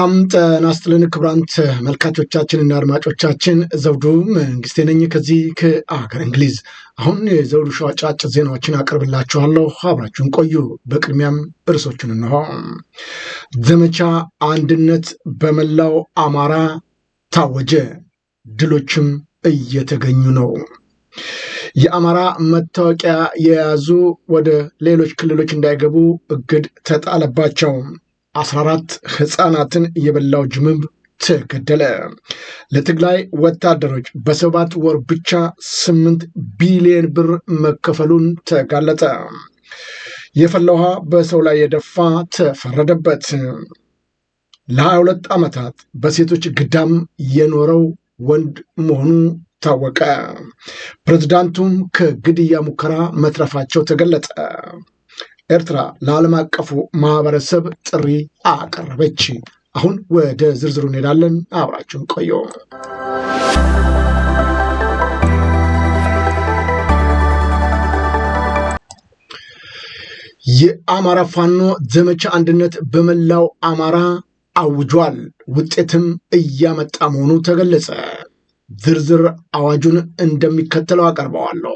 ሰላም ጤና ይስጥልን ክቡራን ተመልካቾቻችንና አድማጮቻችን ዘውዱ መንግስቴ ነኝ ከዚህ ከአገር እንግሊዝ። አሁን የዘውዱ ሾው አጫጭር ዜናዎችን አቅርብላችኋለሁ፣ አብራችሁን ቆዩ። በቅድሚያም እርሶችን እንሆ። ዘመቻ አንድነት በመላው አማራ ታወጀ፣ ድሎችም እየተገኙ ነው። የአማራ መታወቂያ የያዙ ወደ ሌሎች ክልሎች እንዳይገቡ እግድ ተጣለባቸው። 14 ህፃናትን የበላው ጅምብ ተገደለ። ለትግራይ ወታደሮች በሰባት ወር ብቻ 8 ቢሊዮን ብር መከፈሉን ተጋለጠ። የፈላ ውሃ በሰው ላይ የደፋ ተፈረደበት። ለ22 ዓመታት በሴቶች ግዳም የኖረው ወንድ መሆኑ ታወቀ። ፕሬዝዳንቱም ከግድያ ሙከራ መትረፋቸው ተገለጠ። ኤርትራ ለዓለም አቀፉ ማህበረሰብ ጥሪ አቀረበች። አሁን ወደ ዝርዝሩ እንሄዳለን። አብራችሁን ቆዩ። የአማራ ፋኖ ዘመቻ አንድነት በመላው አማራ አውጇል። ውጤትም እያመጣ መሆኑ ተገለጸ። ዝርዝር አዋጁን እንደሚከተለው አቀርበዋለሁ።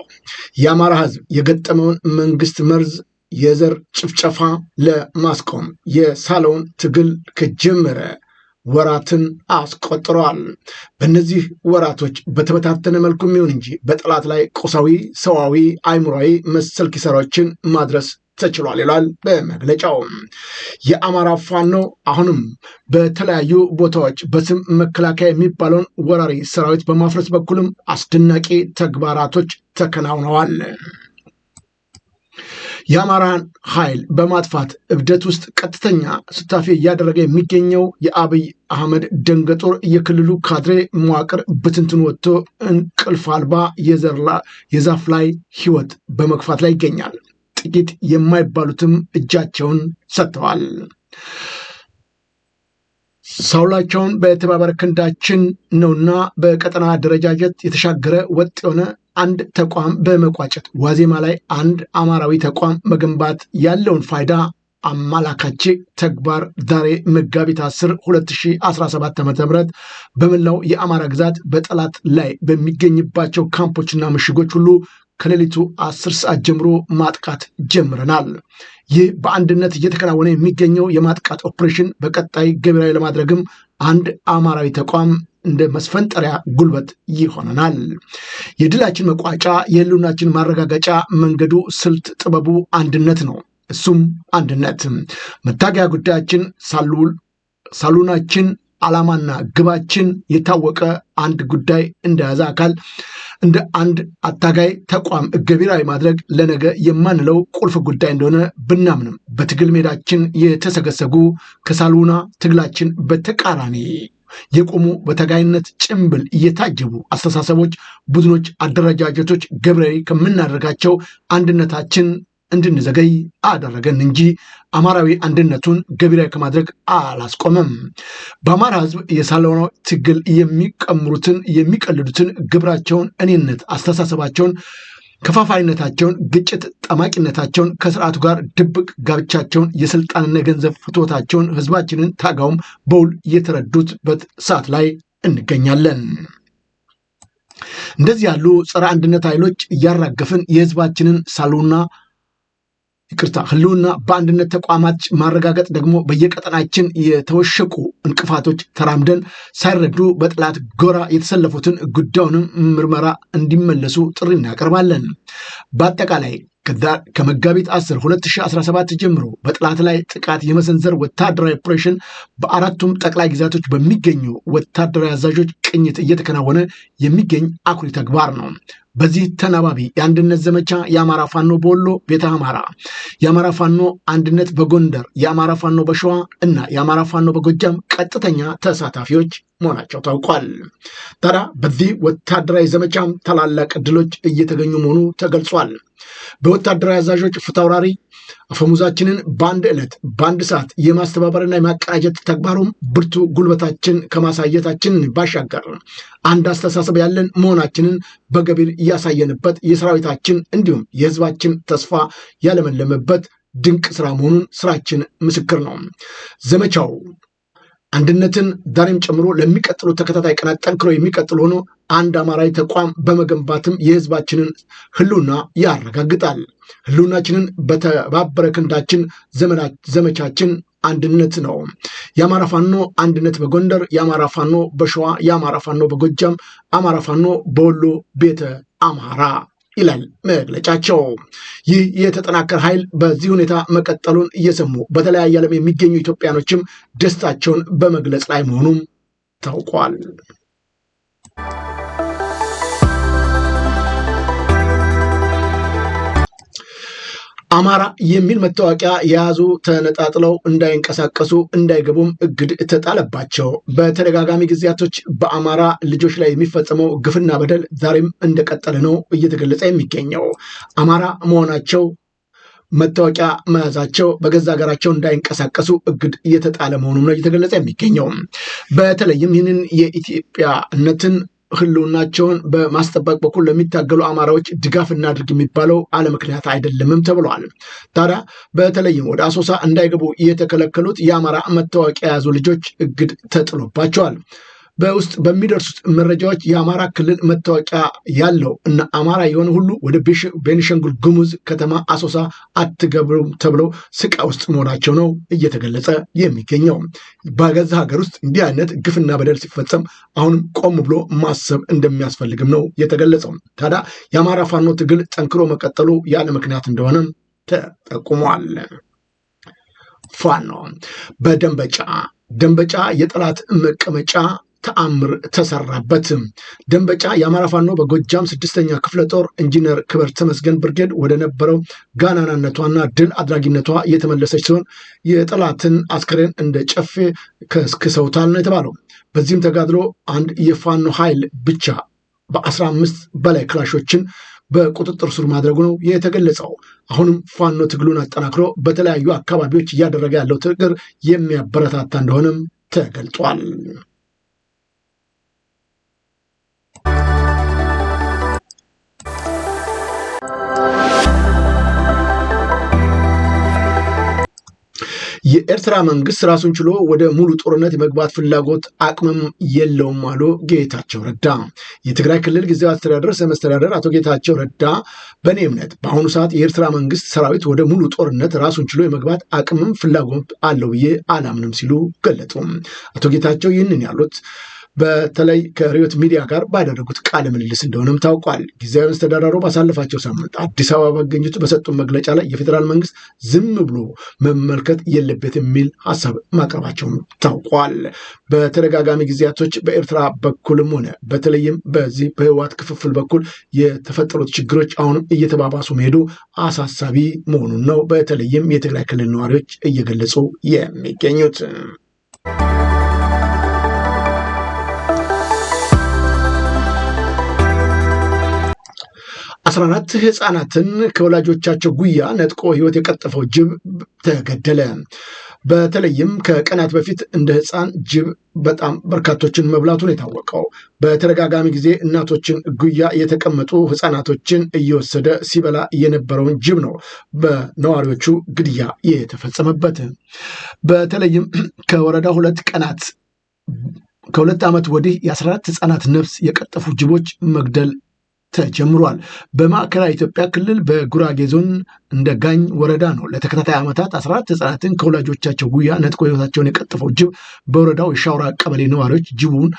የአማራ ህዝብ የገጠመውን መንግስት መርዝ የዘር ጭፍጨፋ ለማስቆም የሳለውን ትግል ከጀመረ ወራትን አስቆጥሯል። በእነዚህ ወራቶች በተበታተነ መልኩ የሚሆን እንጂ በጠላት ላይ ቁሳዊ፣ ሰዋዊ፣ አይምሯዊ መሰል ኪሳራዎችን ማድረስ ተችሏል ይላል በመግለጫው። የአማራ ፋኖ አሁንም በተለያዩ ቦታዎች በስም መከላከያ የሚባለውን ወራሪ ሰራዊት በማፍረስ በኩልም አስደናቂ ተግባራቶች ተከናውነዋል። የአማራን ኃይል በማጥፋት እብደት ውስጥ ቀጥተኛ ስታፌ እያደረገ የሚገኘው የአብይ አህመድ ደንገጦር የክልሉ ካድሬ መዋቅር ብትንትን ወጥቶ እንቅልፍ አልባ የዛፍ ላይ ህይወት በመግፋት ላይ ይገኛል። ጥቂት የማይባሉትም እጃቸውን ሰጥተዋል። ሳውላቸውን በተባበረ ክንዳችን ነውና በቀጠና አደረጃጀት የተሻገረ ወጥ የሆነ አንድ ተቋም በመቋጨት ዋዜማ ላይ አንድ አማራዊ ተቋም መገንባት ያለውን ፋይዳ አመላካች ተግባር ዛሬ መጋቢት 10 2017 ዓ ም በመላው የአማራ ግዛት በጠላት ላይ በሚገኝባቸው ካምፖችና ምሽጎች ሁሉ ከሌሊቱ 10 ሰዓት ጀምሮ ማጥቃት ጀምረናል። ይህ በአንድነት እየተከናወነ የሚገኘው የማጥቃት ኦፕሬሽን በቀጣይ ገቢራዊ ለማድረግም አንድ አማራዊ ተቋም እንደ መስፈንጠሪያ ጉልበት ይሆነናል። የድላችን መቋጫ፣ የህልውናችን ማረጋገጫ መንገዱ፣ ስልት፣ ጥበቡ አንድነት ነው። እሱም አንድነት መታገያ ጉዳያችን ሳሉናችን ዓላማና ግባችን የታወቀ አንድ ጉዳይ እንደያዘ አካል እንደ አንድ አታጋይ ተቋም ገቢራዊ ማድረግ ለነገ የማንለው ቁልፍ ጉዳይ እንደሆነ ብናምንም በትግል ሜዳችን የተሰገሰጉ ከሳሉና ትግላችን በተቃራኒ የቆሙ በተጋይነት ጭምብል እየታጀቡ አስተሳሰቦች፣ ቡድኖች፣ አደረጃጀቶች ገብራዊ ከምናደርጋቸው አንድነታችን እንድንዘገይ አደረገን እንጂ አማራዊ አንድነቱን ገቢራዊ ከማድረግ አላስቆመም። በአማራ ሕዝብ የሳለሆነ ትግል የሚቀምሩትን የሚቀልዱትን ግብራቸውን፣ እኔነት፣ አስተሳሰባቸውን ከፋፋይነታቸውን፣ ግጭት ጠማቂነታቸውን፣ ከስርዓቱ ጋር ድብቅ ጋብቻቸውን፣ የስልጣንና የገንዘብ ፍትወታቸውን ህዝባችንን ታጋውም በውል የተረዱትበት ሰዓት ላይ እንገኛለን። እንደዚህ ያሉ ጸረ አንድነት ኃይሎች እያራገፍን የህዝባችንን ሳሉና ይቅርታ ህልውና በአንድነት ተቋማት ማረጋገጥ ደግሞ በየቀጠናችን የተወሸቁ እንቅፋቶች ተራምደን ሳይረዱ በጥላት ጎራ የተሰለፉትን ጉዳዩንም ምርመራ እንዲመለሱ ጥሪ እናቀርባለን። በአጠቃላይ ከመጋቢት 10 2017 ጀምሮ በጥላት ላይ ጥቃት የመሰንዘር ወታደራዊ ኦፕሬሽን በአራቱም ጠቅላይ ግዛቶች በሚገኙ ወታደራዊ አዛዦች ቅኝት እየተከናወነ የሚገኝ አኩሪ ተግባር ነው። በዚህ ተናባቢ የአንድነት ዘመቻ የአማራ ፋኖ በወሎ ቤተ አማራ፣ የአማራ ፋኖ አንድነት በጎንደር፣ የአማራ ፋኖ በሸዋ እና የአማራ ፋኖ በጎጃም ቀጥተኛ ተሳታፊዎች መሆናቸው ታውቋል። ታዲያ በዚህ ወታደራዊ ዘመቻም ታላላቅ ድሎች እየተገኙ መሆኑ ተገልጿል። በወታደራዊ አዛዦች ፊታውራሪ አፈሙዛችንን በአንድ ዕለት በአንድ ሰዓት የማስተባበርና የማቀናጀት ተግባሩም ብርቱ ጉልበታችን ከማሳየታችን ባሻገር አንድ አስተሳሰብ ያለን መሆናችንን በገቢር ያሳየንበት የሰራዊታችን እንዲሁም የህዝባችን ተስፋ ያለመለመበት ድንቅ ስራ መሆኑን ስራችን ምስክር ነው። ዘመቻው አንድነትን ዛሬም ጨምሮ ለሚቀጥሉ ተከታታይ ቀናት ጠንክሮ የሚቀጥል ሆኖ አንድ አማራዊ ተቋም በመገንባትም የህዝባችንን ህልውና ያረጋግጣል። ህልውናችንን በተባበረ ክንዳችን ዘመቻችን አንድነት ነው። የአማራ ፋኖ አንድነት በጎንደር፣ የአማራ ፋኖ በሸዋ፣ የአማራ ፋኖ በጎጃም፣ አማራ ፋኖ በወሎ ቤተ አማራ ይላል መግለጫቸው። ይህ የተጠናከረ ኃይል በዚህ ሁኔታ መቀጠሉን እየሰሙ በተለያየ ዓለም የሚገኙ ኢትዮጵያኖችም ደስታቸውን በመግለጽ ላይ መሆኑም ታውቋል። አማራ የሚል መታወቂያ የያዙ ተነጣጥለው እንዳይንቀሳቀሱ እንዳይገቡም እግድ ተጣለባቸው። በተደጋጋሚ ጊዜያቶች በአማራ ልጆች ላይ የሚፈጸመው ግፍና በደል ዛሬም እንደቀጠለ ነው እየተገለጸ የሚገኘው። አማራ መሆናቸው መታወቂያ መያዛቸው በገዛ ሀገራቸው እንዳይንቀሳቀሱ እግድ እየተጣለ መሆኑም ነው እየተገለጸ የሚገኘው። በተለይም ይህንን የኢትዮጵያነትን ህልውናቸውን በማስጠበቅ በኩል ለሚታገሉ አማራዎች ድጋፍ እናድርግ የሚባለው አለምክንያት አይደለምም ተብለዋል። ታዲያ በተለይም ወደ አሶሳ እንዳይገቡ የተከለከሉት የአማራ መታወቂያ የያዙ ልጆች እግድ ተጥሎባቸዋል። በውስጥ በሚደርሱት መረጃዎች የአማራ ክልል መታወቂያ ያለው እና አማራ የሆነ ሁሉ ወደ ቤኒሻንጉል ጉሙዝ ከተማ አሶሳ አትገብሩም ተብለው ስቃ ውስጥ መሆናቸው ነው እየተገለጸ የሚገኘው። በገዛ ሀገር ውስጥ እንዲህ አይነት ግፍና በደል ሲፈጸም አሁንም ቆም ብሎ ማሰብ እንደሚያስፈልግም ነው የተገለጸው። ታዲያ የአማራ ፋኖ ትግል ጠንክሮ መቀጠሉ ያለ ምክንያት እንደሆነም ተጠቁሟል። ፋኖ በደንበጫ ደንበጫ የጠላት መቀመጫ ተአምር ተሰራበት። ደንበጫ የአማራ ፋኖ በጎጃም ስድስተኛ ክፍለ ጦር ኢንጂነር ክብር ተመስገን ብርጌድ ወደ ነበረው ጋናናነቷና ድል አድራጊነቷ እየተመለሰች ሲሆን የጠላትን አስክሬን እንደ ጨፌ ከስክሰውታል ነው የተባለው። በዚህም ተጋድሎ አንድ የፋኖ ኃይል ብቻ በአስራ አምስት በላይ ክላሾችን በቁጥጥር ስር ማድረጉ ነው የተገለጸው። አሁንም ፋኖ ትግሉን አጠናክሮ በተለያዩ አካባቢዎች እያደረገ ያለው ትግር የሚያበረታታ እንደሆነም ተገልጧል። የኤርትራ መንግስት ራሱን ችሎ ወደ ሙሉ ጦርነት የመግባት ፍላጎት አቅምም የለውም አሉ ጌታቸው ረዳ። የትግራይ ክልል ጊዜያዊ አስተዳደር ርዕሰ መስተዳደር አቶ ጌታቸው ረዳ በእኔ እምነት በአሁኑ ሰዓት የኤርትራ መንግስት ሰራዊት ወደ ሙሉ ጦርነት ራሱን ችሎ የመግባት አቅምም ፍላጎት አለው ብዬ አላምንም ሲሉ ገለጡ። አቶ ጌታቸው ይህንን ያሉት በተለይ ከሪዮት ሚዲያ ጋር ባደረጉት ቃለ ምልልስ እንደሆነም ታውቋል። ጊዜያዊ መስተዳድሩ ባሳለፋቸው ሳምንት አዲስ አበባ መገኘቱ በሰጡት መግለጫ ላይ የፌዴራል መንግስት ዝም ብሎ መመልከት የለበት የሚል ሀሳብ ማቅረባቸውም ታውቋል። በተደጋጋሚ ጊዜያቶች በኤርትራ በኩልም ሆነ በተለይም በዚህ በህወሓት ክፍፍል በኩል የተፈጠሩት ችግሮች አሁንም እየተባባሱ መሄዱ አሳሳቢ መሆኑን ነው በተለይም የትግራይ ክልል ነዋሪዎች እየገለጹ የሚገኙት። 14 ህፃናትን ከወላጆቻቸው ጉያ ነጥቆ ህይወት የቀጠፈው ጅብ ተገደለ። በተለይም ከቀናት በፊት እንደ ህፃን ጅብ በጣም በርካቶችን መብላቱን የታወቀው በተደጋጋሚ ጊዜ እናቶችን ጉያ የተቀመጡ ህፃናቶችን እየወሰደ ሲበላ የነበረውን ጅብ ነው በነዋሪዎቹ ግድያ የተፈጸመበት። በተለይም ከወረዳ ሁለት ቀናት ከሁለት ዓመት ወዲህ የ14 ህፃናት ነፍስ የቀጠፉ ጅቦች መግደል ተጀምሯል። በማዕከላዊ ኢትዮጵያ ክልል በጉራጌ ዞን እንደ ጋኝ ወረዳ ነው ለተከታታይ ዓመታት 14 ህጻናትን ከወላጆቻቸው ጉያ ነጥቆ ህይወታቸውን የቀጠፈው ጅብ በወረዳው የሻውራ ቀበሌ ነዋሪዎች ጅቡን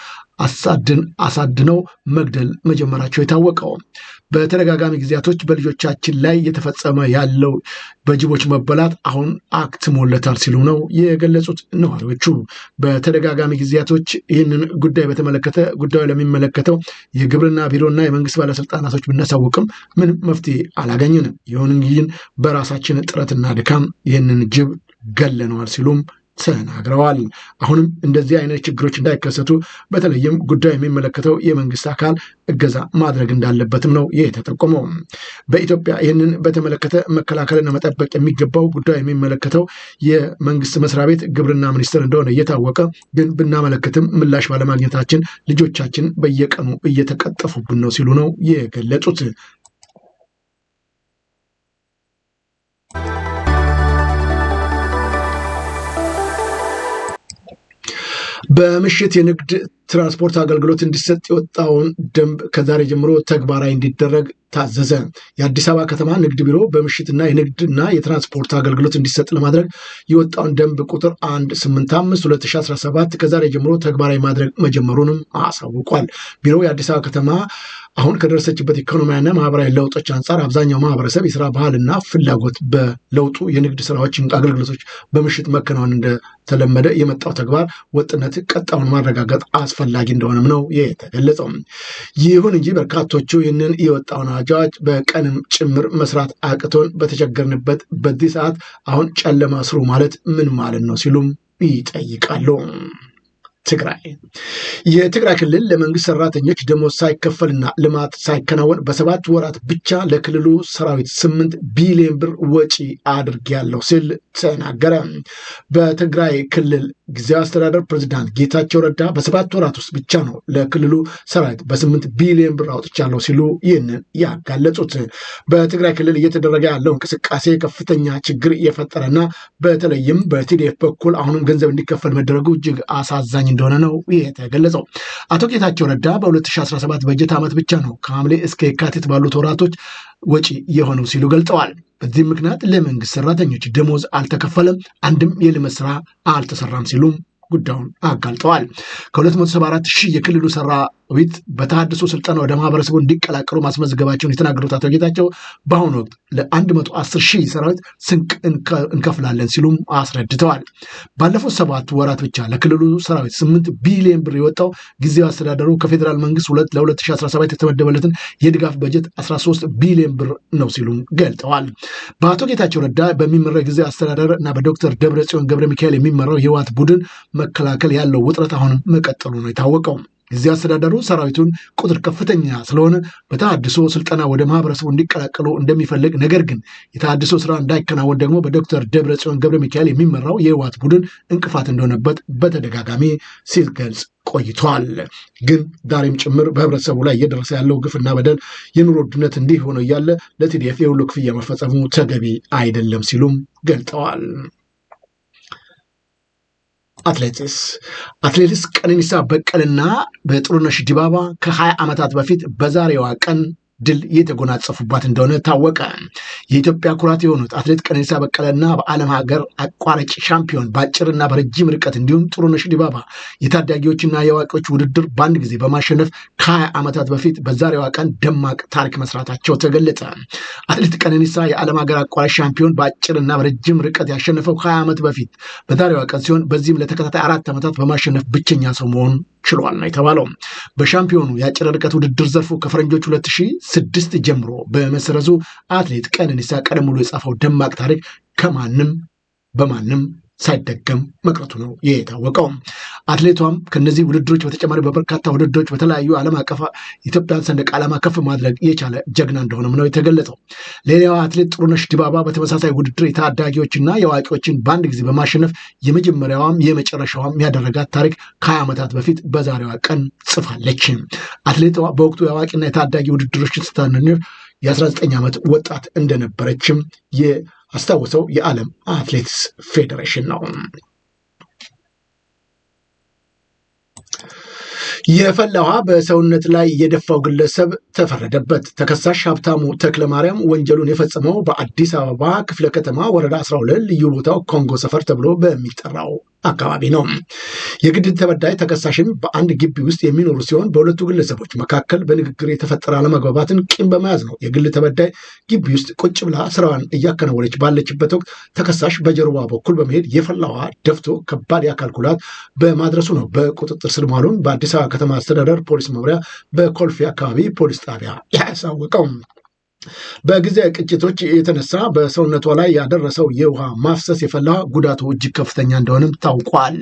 አሳድን አሳድነው መግደል መጀመራቸው የታወቀው በተደጋጋሚ ጊዜያቶች በልጆቻችን ላይ እየተፈጸመ ያለው በጅቦች መበላት አሁን አክትሞለታል ሲሉ ነው የገለጹት ነዋሪዎቹ። በተደጋጋሚ ጊዜያቶች ይህንን ጉዳይ በተመለከተ ጉዳዩ ለሚመለከተው የግብርና ቢሮና የመንግስት ባለስልጣናቶች ብናሳውቅም ምንም መፍትሄ አላገኘንም። ይሁን እንጂ በራሳችን ጥረትና ድካም ይህንን ጅብ ገለነዋል ሲሉም ተናግረዋል። አሁንም እንደዚህ አይነት ችግሮች እንዳይከሰቱ በተለይም ጉዳዩ የሚመለከተው የመንግስት አካል እገዛ ማድረግ እንዳለበትም ነው ይህ የተጠቆመው። በኢትዮጵያ ይህንን በተመለከተ መከላከልና መጠበቅ የሚገባው ጉዳዩ የሚመለከተው የመንግስት መስሪያ ቤት ግብርና ሚኒስቴር እንደሆነ እየታወቀ ግን ብናመለክትም ምላሽ ባለማግኘታችን ልጆቻችን በየቀኑ እየተቀጠፉብን ነው ሲሉ ነው የገለጹት። በምሽት የንግድ ትራንስፖርት አገልግሎት እንዲሰጥ የወጣውን ደንብ ከዛሬ ጀምሮ ተግባራዊ እንዲደረግ ታዘዘ። የአዲስ አበባ ከተማ ንግድ ቢሮ በምሽትና የንግድና የትራንስፖርት አገልግሎት እንዲሰጥ ለማድረግ የወጣውን ደንብ ቁጥር 185/2017 ከዛሬ ጀምሮ ተግባራዊ ማድረግ መጀመሩንም አሳውቋል። ቢሮው የአዲስ አበባ ከተማ አሁን ከደረሰችበት ኢኮኖሚያና ማህበራዊ ለውጦች አንጻር አብዛኛው ማህበረሰብ የስራ ባህልና ፍላጎት በለውጡ የንግድ ስራዎችን፣ አገልግሎቶች በምሽት መከናወን እንደተለመደ የመጣው ተግባር ወጥነት ቀጣውን ማረጋገጥ አስፈላጊ እንደሆነም ነው የተገለጸው። ይሁን እንጂ በርካቶቹ ይህንን የወጣውን አዋጅ በቀንም ጭምር መስራት አቅቶን በተቸገርንበት በዚህ ሰዓት አሁን ጨለማ ስሩ ማለት ምን ማለት ነው ሲሉም ይጠይቃሉ። ትግራይ የትግራይ ክልል ለመንግስት ሰራተኞች ደሞዝ ሳይከፈልና ልማት ሳይከናወን በሰባት ወራት ብቻ ለክልሉ ሰራዊት ስምንት ቢሊዮን ብር ወጪ አድርጌያለሁ ሲል ተናገረ። በትግራይ ክልል ጊዜያዊ አስተዳደር ፕሬዚዳንት ጌታቸው ረዳ በሰባት ወራት ውስጥ ብቻ ነው ለክልሉ ሰራዊት በስምንት ቢሊዮን ብር አውጥቻለሁ ሲሉ ይህንን ያጋለጹት በትግራይ ክልል እየተደረገ ያለው እንቅስቃሴ ከፍተኛ ችግር የፈጠረና በተለይም በቲዲኤፍ በኩል አሁንም ገንዘብ እንዲከፈል መደረጉ እጅግ አሳዛኝ እንደ እንደሆነ ነው የተገለጸው። አቶ ጌታቸው ረዳ በ2017 በጀት ዓመት ብቻ ነው ከሐምሌ እስከ የካቲት ባሉት ወራቶች ወጪ የሆነው ሲሉ ገልጠዋል። በዚህም ምክንያት ለመንግስት ሰራተኞች ደሞዝ አልተከፈለም፣ አንድም የልመት ስራ አልተሰራም ሲሉም ጉዳዩን አጋልጠዋል። ከ274 ሺህ የክልሉ ሰራ ዊት በተሃድሶ ስልጠና ወደ ማህበረሰቡ እንዲቀላቀሉ ማስመዝገባቸውን የተናገሩት አቶ ጌታቸው በአሁኑ ወቅት ለ110 ሺህ ሰራዊት ስንቅ እንከፍላለን ሲሉም አስረድተዋል። ባለፉት ሰባት ወራት ብቻ ለክልሉ ሰራዊት 8 ቢሊዮን ብር የወጣው ጊዜያዊ አስተዳደሩ ከፌዴራል መንግስት ለ2017 የተመደበለትን የድጋፍ በጀት 13 ቢሊዮን ብር ነው ሲሉም ገልጠዋል። በአቶ ጌታቸው ረዳ በሚመራው ጊዜ አስተዳደር እና በዶክተር ደብረ ጽዮን ገብረ ሚካኤል የሚመራው የህወሓት ቡድን መከላከል ያለው ውጥረት አሁንም መቀጠሉ ነው የታወቀው። የዚህ አስተዳደሩ ሰራዊቱን ቁጥር ከፍተኛ ስለሆነ በተሃድሶ ስልጠና ወደ ማህበረሰቡ እንዲቀላቀሉ እንደሚፈልግ፣ ነገር ግን የተሃድሶ ስራ እንዳይከናወን ደግሞ በዶክተር ደብረ ጽዮን ገብረ ሚካኤል የሚመራው የህወሓት ቡድን እንቅፋት እንደሆነበት በተደጋጋሚ ሲገልጽ ቆይቷል። ግን ዛሬም ጭምር በህብረተሰቡ ላይ እየደረሰ ያለው ግፍና በደል የኑሮ ውድነት እንዲህ ሆኖ እያለ ለቲዲኤፍ የሁሉ ክፍያ መፈጸሙ ተገቢ አይደለም ሲሉም ገልጠዋል። አትሌቲክስ አትሌቲክስ ቀነኒሳ በቀለና በጥሩነሽ ዲባባ ከ20 ዓመታት በፊት በዛሬዋ ቀን ድል እየተጎናጸፉባት እንደሆነ ታወቀ። የኢትዮጵያ ኩራት የሆኑት አትሌት ቀነኒሳ በቀለና በዓለም ሀገር አቋራጭ ሻምፒዮን በአጭርና በረጅም ርቀት እንዲሁም ጥሩነሽ ዲባባ የታዳጊዎችና የአዋቂዎች ውድድር በአንድ ጊዜ በማሸነፍ ከሀያ ዓመታት በፊት በዛሬዋ ቀን ደማቅ ታሪክ መስራታቸው ተገለጠ አትሌት ቀነኒሳ የዓለም ሀገር አቋራጭ ሻምፒዮን በአጭርና በረጅም ርቀት ያሸነፈው ከሀያ ዓመት በፊት በዛሬዋ ቀን ሲሆን በዚህም ለተከታታይ አራት ዓመታት በማሸነፍ ብቸኛ ሰው መሆን ችሏል ነው የተባለው። በሻምፒዮኑ የአጭር ርቀት ውድድር ዘርፉ ከፈረንጆች ስድስት ጀምሮ በመሰረዙ አትሌት ቀነኒሳ ቀደም ብሎ የጻፈው ደማቅ ታሪክ ከማንም በማንም ሳይደገም መቅረቱ ነው የታወቀው። አትሌቷም ከነዚህ ውድድሮች በተጨማሪ በበርካታ ውድድሮች በተለያዩ ዓለም አቀፍ ኢትዮጵያን ሰንደቅ ዓላማ ከፍ ማድረግ የቻለ ጀግና እንደሆነም ነው የተገለጸው። ሌላው አትሌት ጥሩነሽ ዲባባ በተመሳሳይ ውድድር የታዳጊዎችና የአዋቂዎችን በአንድ ጊዜ በማሸነፍ የመጀመሪያዋም የመጨረሻዋም ያደረጋት ታሪክ ከሀያ ዓመታት በፊት በዛሬዋ ቀን ጽፋለች። አትሌቷ በወቅቱ የአዋቂና የታዳጊ ውድድሮች ስታሸንፍ የ19 ዓመት ወጣት እንደነበረችም አስታወሰው የዓለም አትሌቲክስ ፌዴሬሽን ነው። የፈላ ውሃ በሰውነት ላይ የደፋው ግለሰብ ተፈረደበት። ተከሳሽ ሀብታሙ ተክለ ማርያም ወንጀሉን የፈጸመው በአዲስ አበባ ክፍለ ከተማ ወረዳ 12 ልዩ ቦታው ኮንጎ ሰፈር ተብሎ በሚጠራው አካባቢ ነው። የግድል ተበዳይ ተከሳሽም በአንድ ግቢ ውስጥ የሚኖሩ ሲሆን በሁለቱ ግለሰቦች መካከል በንግግር የተፈጠረ አለመግባባትን ቂም በመያዝ ነው የግል ተበዳይ ግቢ ውስጥ ቁጭ ብላ ስራዋን እያከናወነች ባለችበት ወቅት ተከሳሽ በጀርባ በኩል በመሄድ የፈላዋ ደፍቶ ከባድ የአካል ጉዳት በማድረሱ ነው በቁጥጥር ስር መዋሉን በአዲስ አበባ ከተማ አስተዳደር ፖሊስ መምሪያ በኮልፌ አካባቢ ፖሊስ ጣቢያ ያሳወቀው። በጊዜ ቅጭቶች የተነሳ በሰውነቷ ላይ ያደረሰው የውሃ ማፍሰስ የፈላ ጉዳቱ እጅግ ከፍተኛ እንደሆነም ታውቋል።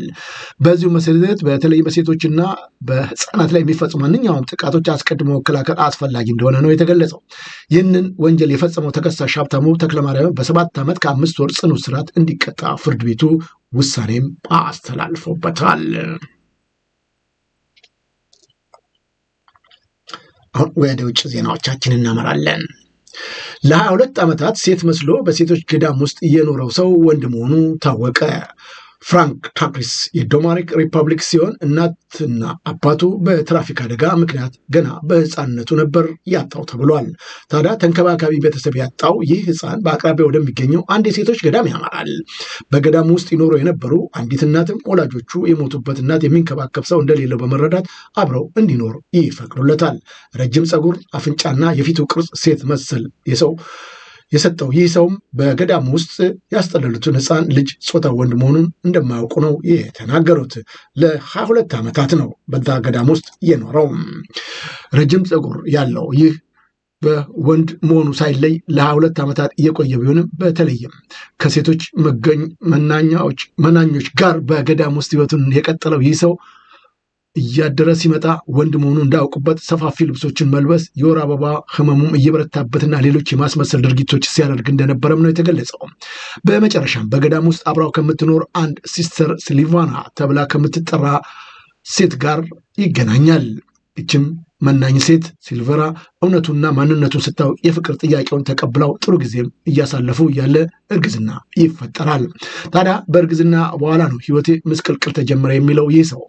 በዚሁ መሰረት በተለይ በሴቶችና በህፃናት ላይ የሚፈጽሙ ማንኛውም ጥቃቶች አስቀድሞ መከላከል አስፈላጊ እንደሆነ ነው የተገለጸው። ይህንን ወንጀል የፈጸመው ተከሳሽ ሀብታሙ ተክለማርያም በሰባት ዓመት ከአምስት ወር ጽኑ እስራት እንዲቀጣ ፍርድ ቤቱ ውሳኔም አስተላልፎበታል። አሁን ወደ ውጭ ዜናዎቻችን እናመራለን። ለሀያ ሁለት ዓመታት ሴት መስሎ በሴቶች ገዳም ውስጥ የኖረው ሰው ወንድ መሆኑ ታወቀ። ፍራንክ ታፒስ የዶማሪክ ሪፐብሊክ ሲሆን እናትና አባቱ በትራፊክ አደጋ ምክንያት ገና በህፃንነቱ ነበር ያጣው ተብሏል። ታዲያ ተንከባካቢ ቤተሰብ ያጣው ይህ ህፃን በአቅራቢያ ወደሚገኘው አንድ የሴቶች ገዳም ያመራል። በገዳም ውስጥ ይኖሩ የነበሩ አንዲት እናትም ወላጆቹ የሞቱበት እናት የሚንከባከብ ሰው እንደሌለው በመረዳት አብረው እንዲኖር ይፈቅዱለታል። ረጅም ፀጉር፣ አፍንጫና የፊቱ ቅርጽ ሴት መሰል የሰው የሰጠው ይህ ሰውም በገዳም ውስጥ ያስጠለሉትን ህፃን ልጅ ጾታ ወንድ መሆኑን እንደማያውቁ ነው የተናገሩት። ለሀያ ሁለት ዓመታት ነው በዛ ገዳም ውስጥ የኖረው። ረጅም ፀጉር ያለው ይህ በወንድ መሆኑ ሳይለይ ለሀያ ሁለት ዓመታት እየቆየ ቢሆንም በተለይም ከሴቶች መገኝ መናኛዎች መናኞች ጋር በገዳም ውስጥ ህይወቱን የቀጠለው ይህ ሰው እያደረ ሲመጣ ወንድ መሆኑ እንዳያውቁበት ሰፋፊ ልብሶችን መልበስ፣ የወር አበባ ህመሙም እየበረታበትና ሌሎች የማስመሰል ድርጊቶች ሲያደርግ እንደነበረም ነው የተገለጸው። በመጨረሻም በገዳም ውስጥ አብራው ከምትኖር አንድ ሲስተር ስሊቫና ተብላ ከምትጠራ ሴት ጋር ይገናኛል። ይችም መናኝ ሴት ሲልቨራ እውነቱና ማንነቱን ስታውቅ የፍቅር ጥያቄውን ተቀብለው ጥሩ ጊዜም እያሳለፉ ያለ እርግዝና ይፈጠራል። ታዲያ በእርግዝና በኋላ ነው ህይወቴ ምስቅልቅል ተጀመረ የሚለው ይህ ሰው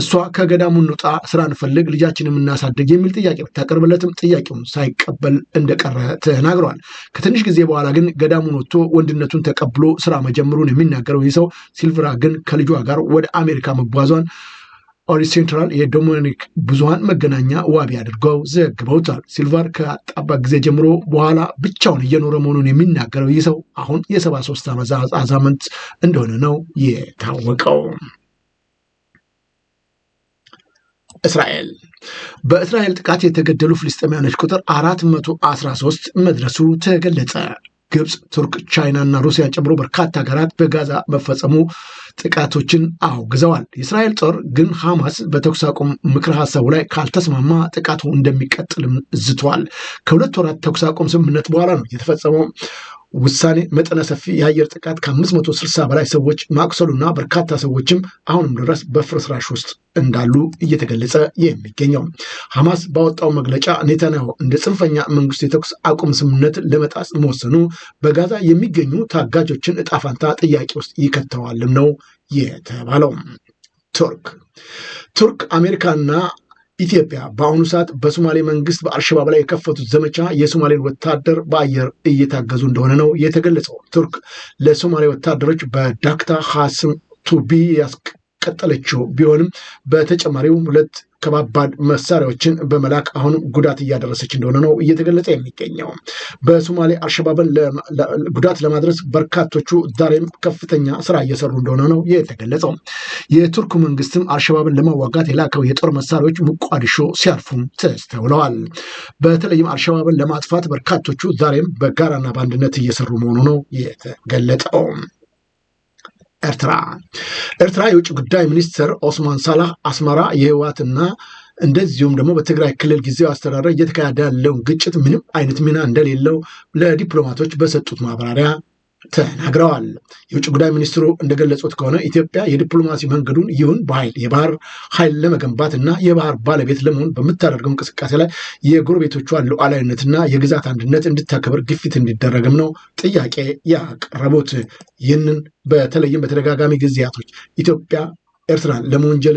እሷ ከገዳሙ እንውጣ፣ ስራ እንፈልግ፣ ልጃችን የምናሳድግ የሚል ጥያቄ ብታቀርብለትም ጥያቄውን ሳይቀበል እንደቀረ ተናግረዋል። ከትንሽ ጊዜ በኋላ ግን ገዳሙን ወጥቶ ወንድነቱን ተቀብሎ ስራ መጀመሩን የሚናገረው ይህ ሰው ሲልቪራ ግን ከልጇ ጋር ወደ አሜሪካ መጓዟን ኦሪት ሴንትራል የዶሚኒክ ብዙሃን መገናኛ ዋቢ አድርገው ዘግበውታል። ሲልቫር ከጣባ ጊዜ ጀምሮ በኋላ ብቻውን እየኖረ መሆኑን የሚናገረው ይህ ሰው አሁን የሰባ ሶስት አመት አዛውንት እንደሆነ ነው የታወቀው። እስራኤል በእስራኤል ጥቃት የተገደሉ ፍልስጤማውያኖች ቁጥር 413 መድረሱ ተገለጸ። ግብፅ፣ ቱርክ፣ ቻይና እና ሩሲያ ጨምሮ በርካታ ሀገራት በጋዛ መፈጸሙ ጥቃቶችን አውግዘዋል። የእስራኤል ጦር ግን ሐማስ በተኩስ አቁም ምክረ ሀሳቡ ላይ ካልተስማማ ጥቃቱ እንደሚቀጥልም ዝቷል። ከሁለት ወራት ተኩስ አቁም ስምምነት በኋላ ነው የተፈጸመው ውሳኔ መጠነ ሰፊ የአየር ጥቃት ከ560 በላይ ሰዎች ማቁሰሉና በርካታ ሰዎችም አሁንም ድረስ በፍርስራሽ ውስጥ እንዳሉ እየተገለጸ የሚገኘው ሐማስ ባወጣው መግለጫ ኔታንያሁ እንደ ጽንፈኛ መንግስት የተኩስ አቁም ስምምነት ለመጣስ መወሰኑ በጋዛ የሚገኙ ታጋጆችን እጣፋንታ ጥያቄ ውስጥ ይከተዋልም ነው የተባለው። ቱርክ ቱርክ አሜሪካና ኢትዮጵያ በአሁኑ ሰዓት በሶማሌ መንግስት በአልሸባብ ላይ የከፈቱት ዘመቻ የሶማሌን ወታደር በአየር እየታገዙ እንደሆነ ነው የተገለጸው። ቱርክ ለሶማሌ ወታደሮች በዳክታ ሀስም ቱቢ ያስቀጠለችው ቢሆንም በተጨማሪው ሁለት ከባባድ መሳሪያዎችን በመላክ አሁን ጉዳት እያደረሰች እንደሆነ ነው እየተገለጸ የሚገኘው። በሶማሌ አሸባብን ጉዳት ለማድረስ በርካቶቹ ዛሬም ከፍተኛ ስራ እየሰሩ እንደሆነ ነው የተገለጸው። የቱርክ መንግስትም አልሸባብን ለማዋጋት የላከው የጦር መሳሪያዎች ሞቃዲሾ ሲያርፉም ተስተውለዋል። በተለይም አልሸባብን ለማጥፋት በርካቶቹ ዛሬም በጋራና በአንድነት እየሰሩ መሆኑ ነው የተገለጠው። ኤርትራ ኤርትራ የውጭ ጉዳይ ሚኒስትር ኦስማን ሳላህ አስመራ የህወሓትና እንደዚሁም ደግሞ በትግራይ ክልል ጊዜያዊ አስተዳደር እየተካሄደ ያለውን ግጭት ምንም አይነት ሚና እንደሌለው ለዲፕሎማቶች በሰጡት ማብራሪያ ተናግረዋል። የውጭ ጉዳይ ሚኒስትሩ እንደገለጹት ከሆነ ኢትዮጵያ የዲፕሎማሲ መንገዱን ይሁን በኃይል የባህር ኃይል ለመገንባት እና የባህር ባለቤት ለመሆን በምታደርገው እንቅስቃሴ ላይ የጎረቤቶቿን ሉዓላዊነትና የግዛት አንድነት እንድታከብር ግፊት እንዲደረግም ነው ጥያቄ ያቀረቡት። ይህንን በተለይም በተደጋጋሚ ጊዜያቶች ኢትዮጵያ ኤርትራን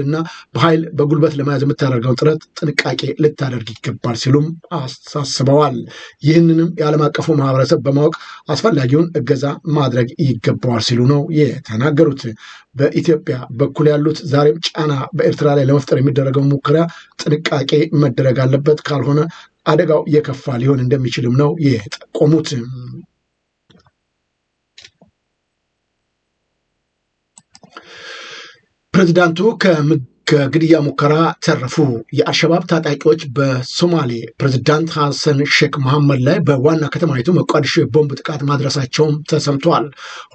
እና በኃይል በጉልበት ለመያዝ የምታደርገው ጥረት ጥንቃቄ ልታደርግ ይገባል ሲሉም አሳስበዋል። ይህንንም የዓለም አቀፉ ማህበረሰብ በማወቅ አስፈላጊውን እገዛ ማድረግ ይገባዋል ሲሉ ነው የተናገሩት። በኢትዮጵያ በኩል ያሉት ዛሬም ጫና በኤርትራ ላይ ለመፍጠር የሚደረገው ሙከራ ጥንቃቄ መደረግ አለበት፣ ካልሆነ አደጋው የከፋ ሊሆን እንደሚችልም ነው የጠቆሙት። ፕሬዚዳንቱ ከግድያ ሙከራ ተረፉ። የአልሸባብ ታጣቂዎች በሶማሌ ፕሬዚዳንት ሐሰን ሼክ መሐመድ ላይ በዋና ከተማይቱ ሞቃዲሾ የቦምብ ጥቃት ማድረሳቸውም ተሰምተዋል።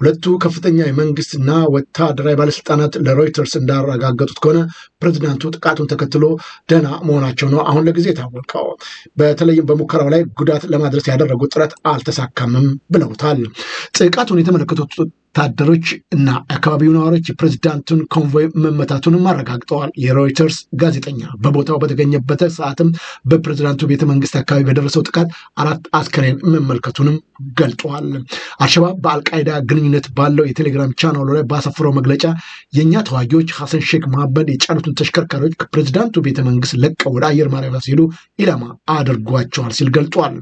ሁለቱ ከፍተኛ የመንግስትና ወታደራዊ ባለስልጣናት ለሮይተርስ እንዳረጋገጡት ከሆነ ፕሬዚዳንቱ ጥቃቱን ተከትሎ ደህና መሆናቸው ነው አሁን ለጊዜ የታወቀው። በተለይም በሙከራው ላይ ጉዳት ለማድረስ ያደረጉት ጥረት አልተሳካምም ብለውታል። ጥቃቱን የተመለከቱት ወታደሮች እና የአካባቢው ነዋሪዎች የፕሬዚዳንቱን ኮንቮይ መመታቱንም አረጋግጠዋል። የሮይተርስ ጋዜጠኛ በቦታው በተገኘበት ሰዓትም በፕሬዚዳንቱ ቤተ መንግስት አካባቢ በደረሰው ጥቃት አራት አስከሬን መመልከቱንም ገልጠዋል። አልሸባብ በአልቃይዳ ግንኙነት ባለው የቴሌግራም ቻናሉ ላይ ባሰፈረው መግለጫ የእኛ ተዋጊዎች ሐሰን ሼክ መሐመድ የጫኑትን ተሽከርካሪዎች ከፕሬዚዳንቱ ቤተ መንግስት ለቀው ወደ አየር ማረፊያ ሲሄዱ ኢላማ አድርጓቸዋል ሲል ገልጧል።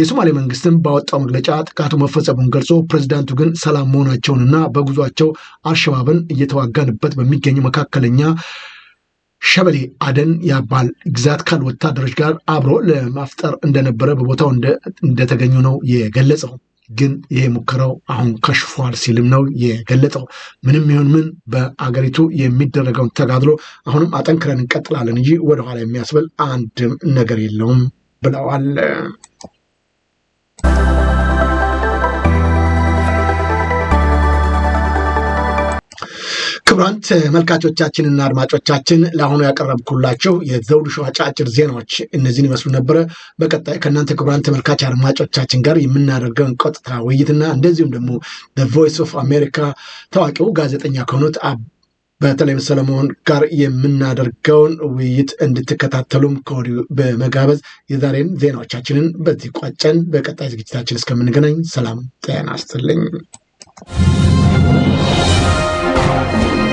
የሶማሌ መንግስትም ባወጣው መግለጫ ጥቃቱ መፈጸሙን ገልጾ ፕሬዚዳንቱ ግን ሰላም መሆናቸው መሆናቸውንና በጉዟቸው አልሸባብን እየተዋጋንበት በሚገኙ መካከለኛ ሸበሌ አደን ያባል ግዛት ካሉ ወታደሮች ጋር አብሮ ለማፍጠር እንደነበረ በቦታው እንደተገኙ ነው የገለጸው። ግን ይሄ ሙከራው አሁን ከሽፏል ሲልም ነው የገለጠው። ምንም ይሁን ምን በአገሪቱ የሚደረገውን ተጋድሎ አሁንም አጠንክረን እንቀጥላለን እንጂ ወደኋላ የሚያስብል አንድም ነገር የለውም ብለዋል። ክቡራን ተመልካቾቻችንና አድማጮቻችን ለአሁኑ ያቀረብኩላቸው የዘውዱ ሾው አጫጭር ዜናዎች እነዚህን ይመስሉ ነበረ። በቀጣይ ከእናንተ ክቡራን ተመልካች አድማጮቻችን ጋር የምናደርገውን ቀጥታ ውይይትና እንደዚሁም ደግሞ ቮይስ ኦፍ አሜሪካ ታዋቂው ጋዜጠኛ ከሆኑት በተለይም ሰለሞን ጋር የምናደርገውን ውይይት እንድትከታተሉም ከወዲሁ በመጋበዝ የዛሬን ዜናዎቻችንን በዚህ ቋጨን። በቀጣይ ዝግጅታችን እስከምንገናኝ ሰላም ጤና ይስጥልኝ። Thank you.